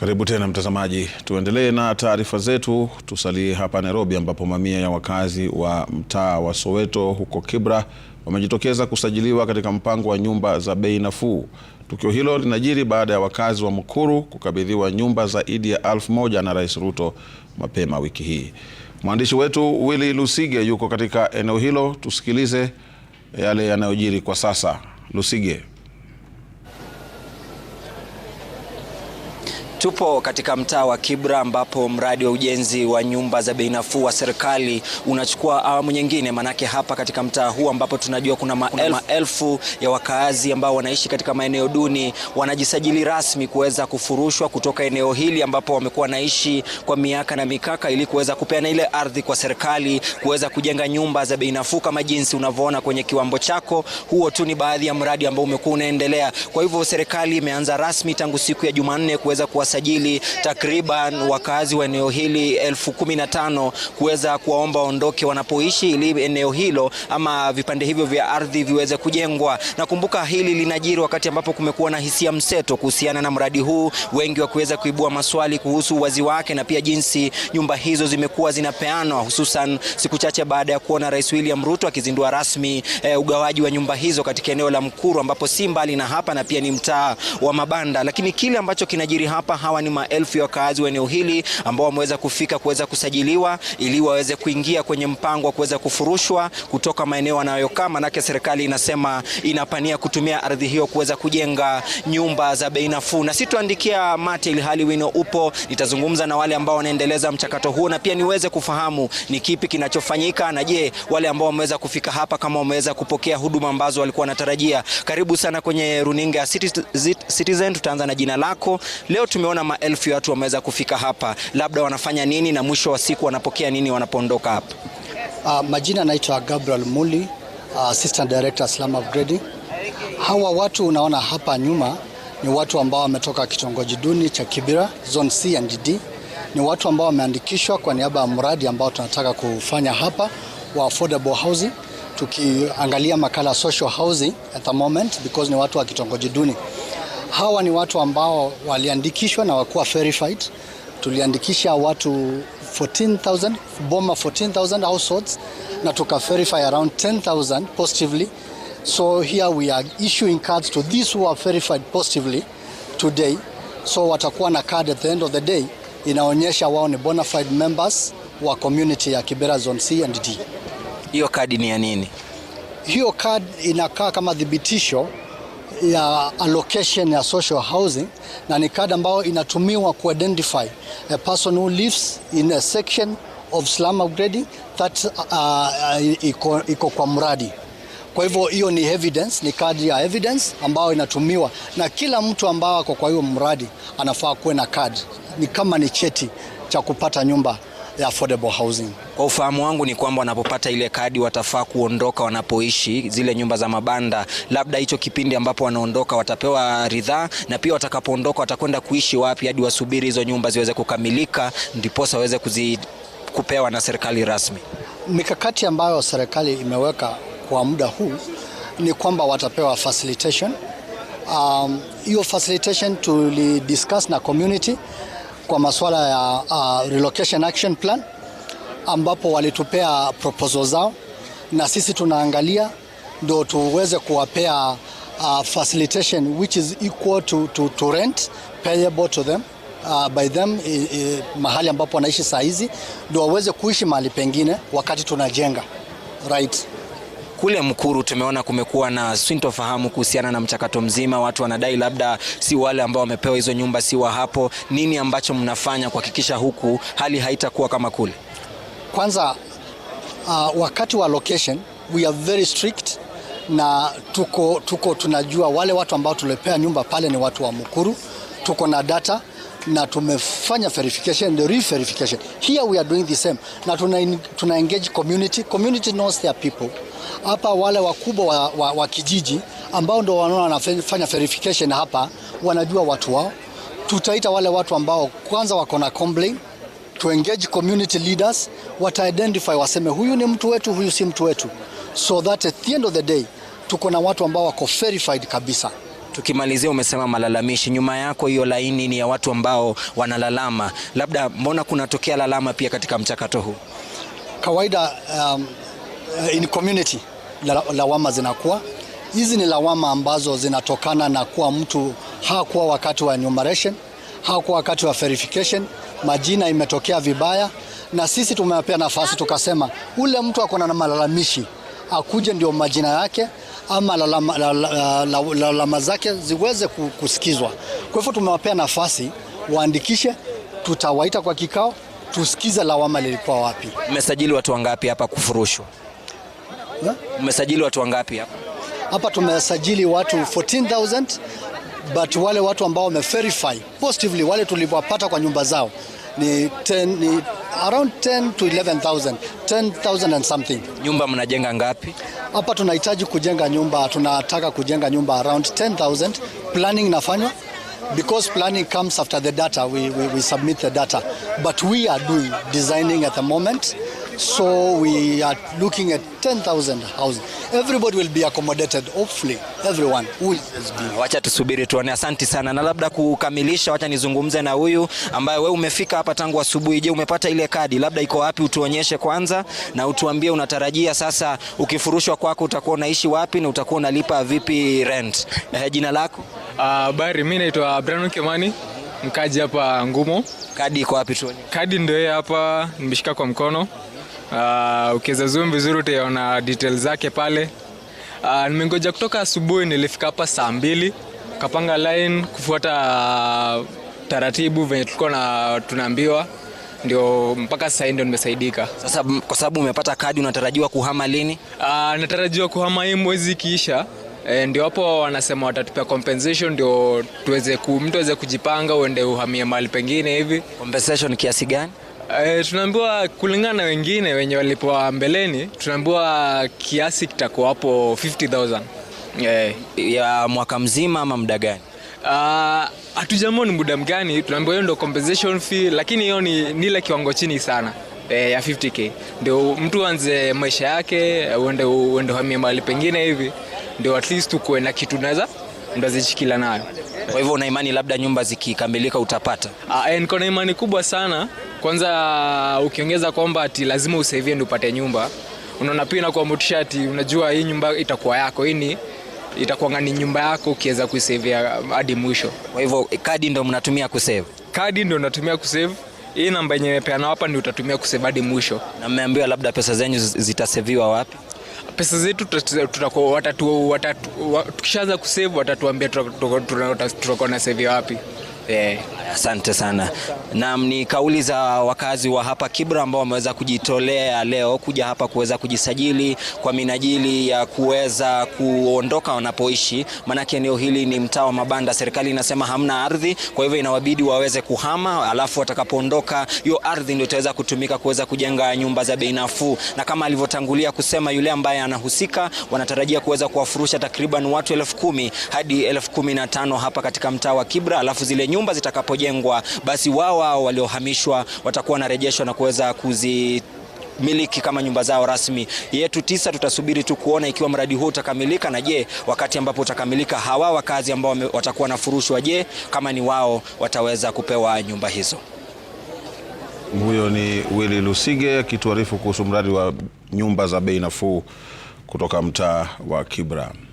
Karibu tena mtazamaji, tuendelee na taarifa zetu. Tusalie hapa Nairobi, ambapo mamia ya wakazi wa mtaa wa Soweto huko Kibra wamejitokeza kusajiliwa katika mpango wa nyumba za bei nafuu. Tukio hilo linajiri baada ya wakazi wa Mukuru kukabidhiwa nyumba zaidi ya elfu moja na Rais Ruto mapema wiki hii. Mwandishi wetu Willy Lusige yuko katika eneo hilo, tusikilize yale yanayojiri kwa sasa. Lusige. Tupo katika mtaa wa Kibra ambapo mradi wa ujenzi wa nyumba za bei nafuu wa serikali unachukua awamu nyingine, manake hapa katika mtaa huu ambapo tunajua kuna maelfu, maelfu ya wakaazi ambao wanaishi katika maeneo duni wanajisajili rasmi kuweza kufurushwa kutoka eneo hili ambapo wamekuwa wanaishi kwa miaka na mikaka, ili kuweza kupeana ile ardhi kwa serikali kuweza kujenga nyumba za bei nafuu kama jinsi unavyoona kwenye kiwambo chako. Huo tu ni baadhi ya mradi ambao umekuwa unaendelea. Kwa hivyo serikali imeanza rasmi tangu siku ya Jumanne kuweza kuwa kuwasajili takriban wakazi wa eneo hili elfu kumi na tano kuweza kuwaomba waondoke wanapoishi ili eneo hilo ama vipande hivyo vya ardhi viweze kujengwa. Nakumbuka hili linajiri wakati ambapo kumekuwa na hisia mseto kuhusiana na mradi huu, wengi wakiweza kuibua maswali kuhusu uwazi wake na pia jinsi nyumba hizo zimekuwa zinapeanwa, hususan siku chache baada ya kuona Rais William Ruto akizindua rasmi e, ugawaji wa nyumba hizo katika eneo la Mkuru ambapo si mbali na hapa na pia ni mtaa wa mabanda, lakini kile ambacho kinajiri hapa hawa ni maelfu ya wakaazi wa eneo hili ambao wameweza kufika kuweza kusajiliwa ili waweze kuingia kwenye mpango wa kuweza kufurushwa kutoka maeneo wanayokaa, manake serikali inasema inapania kutumia ardhi hiyo kuweza kujenga nyumba za bei nafuu. Na situandikia mate ili hali wino upo, nitazungumza na wale ambao wanaendeleza mchakato huo na pia niweze kufahamu ni kipi kinachofanyika na je, wale ambao wameweza kufika hapa kama wameweza kupokea huduma ambazo walikuwa wanatarajia. Karibu sana kwenye runinga ya Citizen, tutaanza na jina lako leo tume tumeona maelfu ya watu wameweza kufika hapa, labda wanafanya nini na mwisho wa siku wanapokea nini wanapoondoka hapa? Uh, majina anaitwa Gabriel Muli, uh, assistant director slum upgrading. Hawa watu unaona hapa nyuma ni watu ambao wametoka kitongoji duni cha Kibira zone C and D. Ni watu ambao wameandikishwa kwa niaba ya mradi ambao tunataka kufanya hapa wa affordable housing, tukiangalia makala social housing at the moment because ni watu wa kitongoji duni. Hawa ni watu ambao waliandikishwa na wakuwa verified. Tuliandikisha watu 14,000, boma 14,000 households na tuka verify around 10,000 positively. So here we are issuing cards to these who are verified positively today. So watakuwa na card at the end of the day inaonyesha wao ni bona fide members wa community ya Kibera Zone C and D. Hiyo kadi ni ya nini? Hiyo kadi inakaa kama thibitisho ya allocation ya social housing na ni kadi ambayo inatumiwa ku identify a person who lives in a section of slum upgrading that uh, uh iko, iko kwa mradi. Kwa hivyo hiyo ni evidence, ni kadi ya evidence ambayo inatumiwa na kila mtu ambao ako kwa hiyo mradi anafaa kuwe na kadi, ni kama ni cheti cha kupata nyumba ya affordable housing. Kwa ufahamu wangu ni kwamba wanapopata ile kadi watafaa kuondoka wanapoishi zile nyumba za mabanda, labda hicho kipindi ambapo wanaondoka watapewa ridhaa, na pia watakapoondoka watakwenda kuishi wapi hadi wasubiri hizo nyumba ziweze kukamilika, ndiposa waweze kuzi kupewa na serikali rasmi. Mikakati ambayo serikali imeweka kwa muda huu ni kwamba watapewa facilitation. Um, hiyo um, facilitation discuss na community kwa masuala ya uh, relocation action plan ambapo walitupea proposal zao na sisi tunaangalia ndo tuweze kuwapea uh, facilitation which is equal to, to, to rent payable to them uh, by them i, i, mahali ambapo wanaishi saa hizi ndo waweze kuishi mahali pengine wakati tunajenga right. Kule Mkuru tumeona kumekuwa na sintofahamu kuhusiana na mchakato mzima. Watu wanadai labda si wale ambao wamepewa hizo nyumba si wa hapo. Nini ambacho mnafanya kuhakikisha huku hali haitakuwa kama kule? Kwanza uh, wakati wa location we are very strict na tuko, tuko tunajua wale watu ambao tulipea nyumba pale ni watu wa mkuru Tuko na data na tumefanya verification the re-verification. Here we are doing the same na tuna, tuna engage community. Community knows their people hapa wale wakubwa wa, wa, wa kijiji ambao ndo wanaona wanafanya verification hapa, wanajua watu wao. Tutaita wale watu ambao kwanza wako na complain, to engage community leaders, wata identify waseme, huyu ni mtu wetu, huyu si mtu wetu, so that at the end of the day tuko na watu ambao wako verified kabisa. Tukimalizia, umesema malalamishi, nyuma yako hiyo laini ni ya watu ambao wanalalama, labda mbona kunatokea lalama pia katika mchakato huu? Kawaida um, uh, in community la, lawama zinakuwa hizi ni lawama ambazo zinatokana na kuwa mtu hakuwa wakati wa enumeration, hakuwa wakati wa verification, majina imetokea vibaya, na sisi tumewapea nafasi tukasema, ule mtu akona na malalamishi akuje ndio majina yake ama lalama, lalama, lalama zake ziweze kusikizwa. Kwa hivyo tumewapea nafasi waandikishe, tutawaita kwa kikao tusikize lawama lilikuwa wapi. Mmesajili watu wangapi hapa kufurushwa? Mmesajili watu wangapi hapa? Hapa tumesajili watu 14000 but wale watu ambao wameverify positively wale tuliwapata kwa nyumba zao ni, 10, ni around 10 to 11000 10000 and something. Nyumba mnajenga ngapi? Hapa tunahitaji kujenga nyumba, tunataka kujenga nyumba around 10000. Planning inafanywa because planning comes after the data we, we, we submit the data but we are doing designing at the moment So we are looking at 10,000 houses. Everybody will be accommodated, hopefully, everyone who is being. Wacha tusubiri tuone. asanti sana. Na labda kukamilisha, wacha nizungumze na huyu ambaye wewe umefika hapa tangu asubuhi. Je, umepata ile kadi? Labda iko wapi, utuonyeshe kwanza na utuambie unatarajia sasa ukifurushwa kwako utakuwa unaishi wapi na utakuwa unalipa vipi rent. Eh, jina lako? Uh, ah, bari mimi naitwa Brandon Kemani mkaji hapa Ngumo. Kadi iko wapi tuone? Kadi ndio hapa nimeshika kwa mkono. Uh, ukiweza zoom vizuri utaona details zake pale. Uh, nimengoja kutoka asubuhi, nilifika hapa saa mbili kapanga line kufuata uh, taratibu venye tulikuwa na tunaambiwa, ndio mpaka sasa hivi ndio nimesaidika. Sasa kwa sababu umepata kadi, unatarajiwa kuhama lini? Uh, natarajiwa kuhama hii mwezi ikiisha. E, ndio hapo wanasema watatupa compensation ndio tuweze ku, mtu aweze kujipanga uende uhamie mahali pengine hivi. Compensation kiasi gani? E, tunaambiwa kulingana na wengine wenye walipoa mbeleni, tunaambiwa kiasi kitakuwa hapo 50000 e, eh, ya mwaka mzima ama muda gani? Ah, hatujamua ni muda mgani, tunaambiwa hiyo ndio compensation fee, lakini hiyo ni nile kiwango chini sana e, ya 50k ndio mtu anze maisha yake, uende uende hamia mahali pengine hivi, ndio at least ukuwe na kitu naweza ndazishikila nayo. Kwa hivyo una imani labda nyumba zikikamilika utapata? Ah, niko na imani kubwa sana kwanza ukiongeza kwamba ati lazima usaivie ndio upate nyumba, unaona pia inakuwa motisha ati unajua hii nyumba itakuwa yako, ini ni itakuwa ni nyumba yako ukiweza kuisavia hadi mwisho. Kwa hivyo kadi ndo mnatumia kusave? Kadi ndio natumia kusave hii namba yenye mepeana hapa ndio utatumia kusave hadi mwisho. Na mmeambiwa labda pesa zenyu zitaseviwa wapi? Pesa zetu tutakuwa tukishaanza kusave watatuambia tutakuwa na sevi wapi. Eh, asante sana. Naam, ni kauli za wakazi wa hapa Kibra ambao wameweza kujitolea leo kuja hapa kuweza kujisajili kwa minajili ya kuweza kuondoka wanapoishi, maanake eneo hili ni mtaa wa mabanda. Serikali inasema hamna ardhi, kwa hivyo inawabidi waweze kuhama, alafu watakapoondoka hiyo ardhi ndio itaweza kutumika kuweza kujenga nyumba za bei nafuu, na kama alivyotangulia kusema yule ambaye anahusika, wanatarajia kuweza kuwafurusha takriban watu elfu kumi hadi elfu kumi na tano hapa katika mtaa wa Kibra, alafu zile nyumba zitakapojengwa, basi wao wao waliohamishwa watakuwa wanarejeshwa na kuweza kuzi miliki kama nyumba zao rasmi. Yetu tisa tutasubiri tu kuona ikiwa mradi huu utakamilika, na je, wakati ambapo utakamilika, hawa wakazi ambao watakuwa na je, kama ni wao wataweza kupewa nyumba hizo? Huyo ni Willy Lusige akituarifu kuhusu mradi wa nyumba za bei nafuu kutoka mtaa wa Kibra.